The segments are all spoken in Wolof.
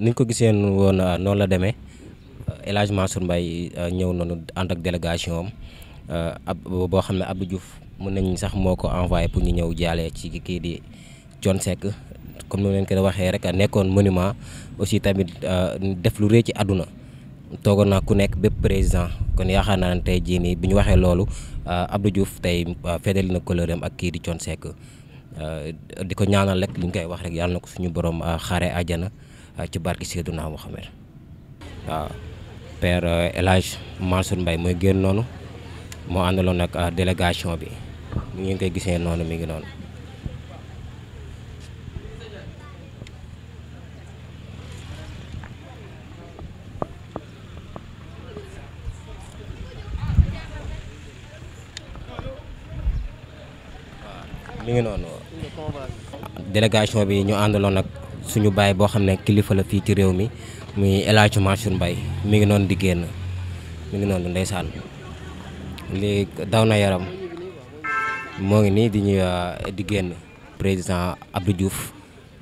niñ ko gisee woon euh, noonu la demee élagement euh, Hadj Mansour euh, ñëw noonu ànd ak délégation am ab boo xam ne Abdou Diouf mën nañ sax moo ko envoyé pour ñu ñëw jaalee ci kii di Thione Seck comme ni leen ko waxee rek nekkoon monument aussi tamit def lu rëy ci àdduna toogoon naa ku nekk bépp président kon yaakaar naa ne tey jii nii bi ñu waxee loolu Abdou Diouf tey feddali na kóllëreem ak kii di Thione Seck di ko ñaanal rek li ñu koy wax rek yàlla na ko suñu borom xaare àjjana Euh, ci barki Seydina Muhammad waaw père euh, El Hadj Mansour Mbaye mooy génn noonu moo àndaloon nag euh, délégation bi ñu ngi koy gisee noonu mi ngi noonu délégation bi ñu àndaloon nag suñu baay boo xam ne kilifa la fii ci réew mi muy El Hadj Mansour Mbaye mi ngi noonu di génn mi ngi noonu ndeysaan lii daw na yaram moo ngi nii di ñuy euh, di génn président Abdou Diouf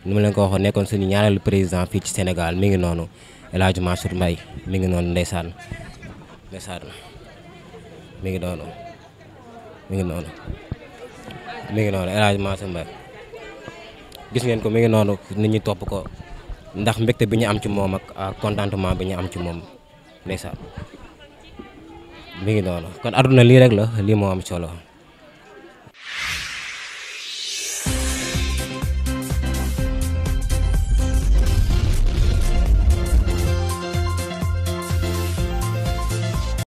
ni ma leen ko waxoon nekkoon suñu ñaareelu président fii ci Sénégal mi ngi noonu El Hadj Mansour Mbaye mi ngi noonu ndeysaan ndeysaan mi ngi noonu ngi noonu mu ngi noonu El Hadj Mansour gis ngeen ko mi ngi noonu nit ñi topp ko ndax mbégte bi ñu am ci moom ak contentement bi ñu am ci moom ndeysaan mu ngi noonu kon àdduna lii rek la lii moo am solo.